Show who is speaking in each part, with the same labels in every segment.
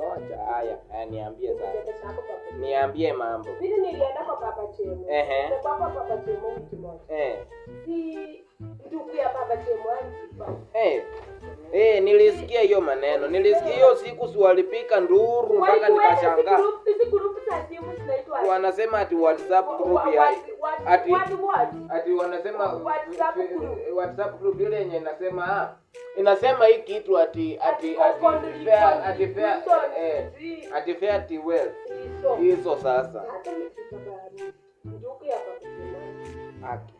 Speaker 1: ngoja haya, niambie
Speaker 2: sasa. Niambie mambo. Mimi nilienda kwa baba Chemo. Ehe. Kwa baba Chemo wiki moja. Eh. Si ndugu ya baba Chemo alifa.
Speaker 1: Eh. Eh, nilisikia hiyo maneno. Nilisikia hiyo siku siwalipika nduru mpaka nikashangaa.
Speaker 2: Sisi za sasa
Speaker 1: wanasema ati WhatsApp group ya ati ati wanasema WhatsApp group yule yenye inasema ah, inasema hii kitu ati ati ati fair ati fair ati fair eh, ti well hizo sasa ati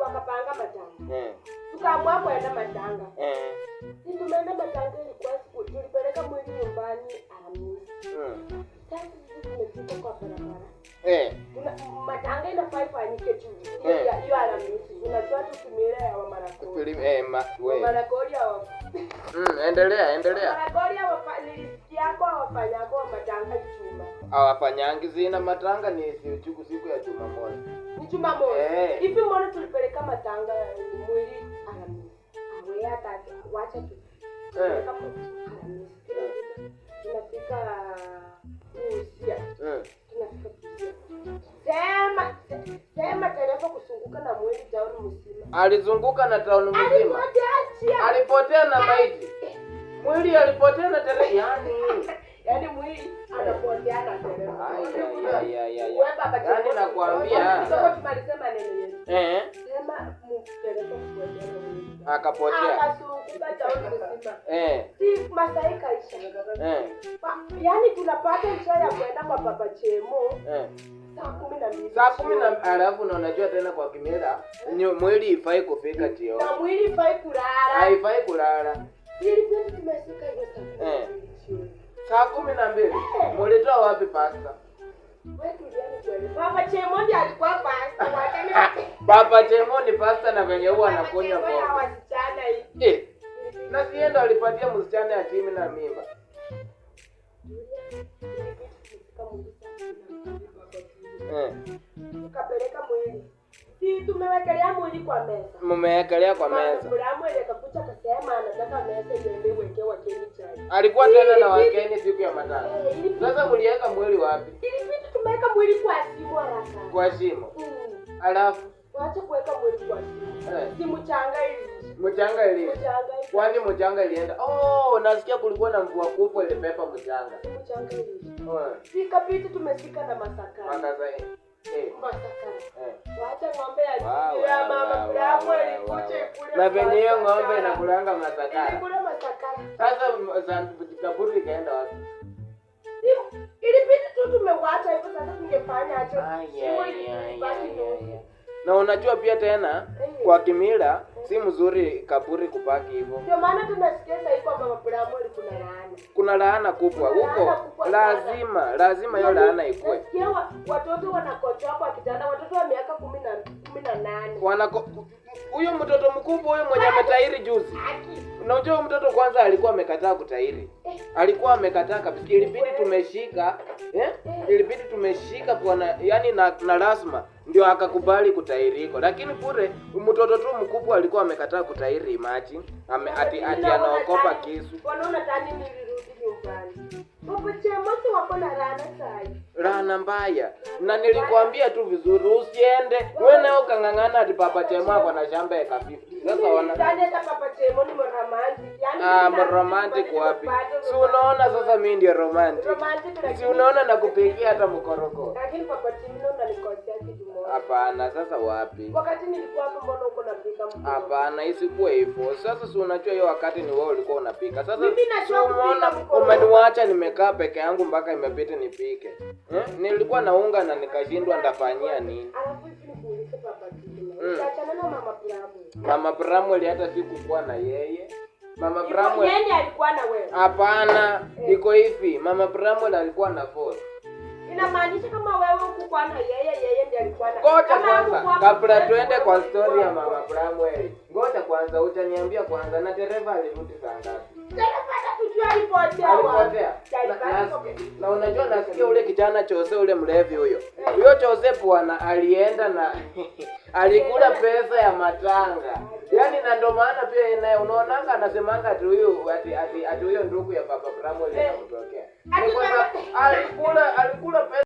Speaker 2: wakapanga matanga yeah. Tukaamua kwenda matanga yeah. Si tumeenda matanga, ilikuwa tulipeleka mwili nyumbani Alhamisi yeah. Hmm
Speaker 1: kwa endelea endelea, marakodi zina matanga ni siku siku ya Jumamosi ni Jumamosi eh, hivi
Speaker 2: mbona tulipeleka matanga eh, mwili alamisi awe hata wacha tu eh
Speaker 1: alizunguka na tauni mzima, alipotea na maiti, mwili alipotea na tere, yani
Speaker 2: yani mwili anapotea na tere. yani
Speaker 1: nakwambia eh, akapotea eh, eh.
Speaker 2: yani tunapata ishara ya kwenda kwa Papa Chemo
Speaker 1: eh saa kumi na alafu na unajua tena kwa kimera mwili ifai kufika jioni,
Speaker 2: na mwili ifai kulala,
Speaker 1: haifai kulala. Eh. saa kumi na mbili eh. mulitoa wapi pasta?
Speaker 2: Papa Chemoni alikuwa
Speaker 1: pasta, na venye huwa anakunywa pombe eh, na siendo alipatia msichana ya timi na mimba
Speaker 2: Nikapeleka eh. mwili. Si tumewekelea mwili kwa meza.
Speaker 1: Mmewekelea kwa meza.
Speaker 2: Kuna mwili akakuja akasema anataka meza iende weke wageni chai.
Speaker 1: Alikuwa tena na wageni siku ya matatu. Eh, Sasa mliweka mwili wapi?
Speaker 2: Ili tumeweka mwili kwa shimo haraka. Kwa shimo. Mm. Alafu wacha kuweka mwili kwa shimo. Eh. Si mchanga ili.
Speaker 1: Mchanga ili. Kwani mchanga ilienda? Oh, nasikia kulikuwa na mvua kubwa ile mchanga.
Speaker 2: Mchanga ili. Sika piti tumesika na masaka.
Speaker 1: Masaka. Eh. Eh.
Speaker 2: Eh. Wacha ng'ombe ya mama Bravo ilikuje
Speaker 1: kule. Na venye hiyo ng'ombe inakulanga masaka.
Speaker 2: Ilikula masaka.
Speaker 1: Sasa kaburi ikaenda wapi?
Speaker 2: Ilipiti tu tumewacha hivyo sasa tungefanya aje? Basi ndio.
Speaker 1: Na unajua pia tena kwa kimila si mzuri kaburi kupaki hivyo.
Speaker 2: Ndio maana tunasikia sasa hivi kwamba Bramori kuna laana.
Speaker 1: Kuna laana kubwa huko. Lazima, lazima hiyo laana ikue.
Speaker 2: Nasikia watoto wanakojoa kwa kitanda, watoto wa miaka 10 na 18.
Speaker 1: Wanako huyo mtoto mkubwa huyo mwenye ametairi juzi. Unajua huyo mtoto kwanza alikuwa amekataa kutairi. Eh. Alikuwa amekataa kabisa. Ilibidi tumeshika, eh? eh? Ilibidi tumeshika kwa na, yani na, na rasma ndio akakubali kutairiko, lakini kule mtoto tu mkubwa alikuwa amekataa kutairi. Imagine ame ati ati anaokopa kisu. rana mbaya, na nilikwambia tu vizuri usiende wewe, ukang'ang'ana ati Papa Chemo ako na shamba eka 50. Sasa wana ah, romantic wapi? Si unaona sasa, mimi ndio romantic, si unaona nakupigia hata mkoroko,
Speaker 2: lakini Papa Chemo ndo alikosea kitu
Speaker 1: Hapana, sasa wapi?
Speaker 2: Wakati nilikuwa hapo, mbona uko napika mkono?
Speaker 1: Hapana, isikuwe hivyo. Sasa si unajua hiyo wakati ni wewe ulikuwa unapika. Sasa mimi najua kupika. mkono. Umeniacha nimekaa peke yangu mpaka imepita nipike. Eh? Hmm? Nilikuwa naunga na nikashindwa ndafanyia nini?
Speaker 2: Alafu hivi nikuulize papa kitu. Mm. Achana na mama Pramu.
Speaker 1: Mama Pramu ile hata sikukuwa na yeye. Mama Pramu.
Speaker 2: Yeye ndiye alikuwa na wewe.
Speaker 1: Hapana, eh. iko hivi. Mama Pramu alikuwa na Ford.
Speaker 2: Inamaanisha kama wewe hukukuwa na yeye Ngoja
Speaker 1: kwanza kabla tuende kwa story ya Mama Bramwell. Ngoja kwanza utaniambia kwanza na dereva alirudi saa ngapi?
Speaker 2: Dereva atakujua
Speaker 1: Na unajua nasikia ule kijana chose ule mlevi huyo. Huyo chose bwana alienda na alikula pesa ya matanga. Yaani na ndo maana pia naye unaonanga anasemanga tu huyo ati ati huyo ndugu ya Papa Bramwell anatokea. Alikula alikula pesa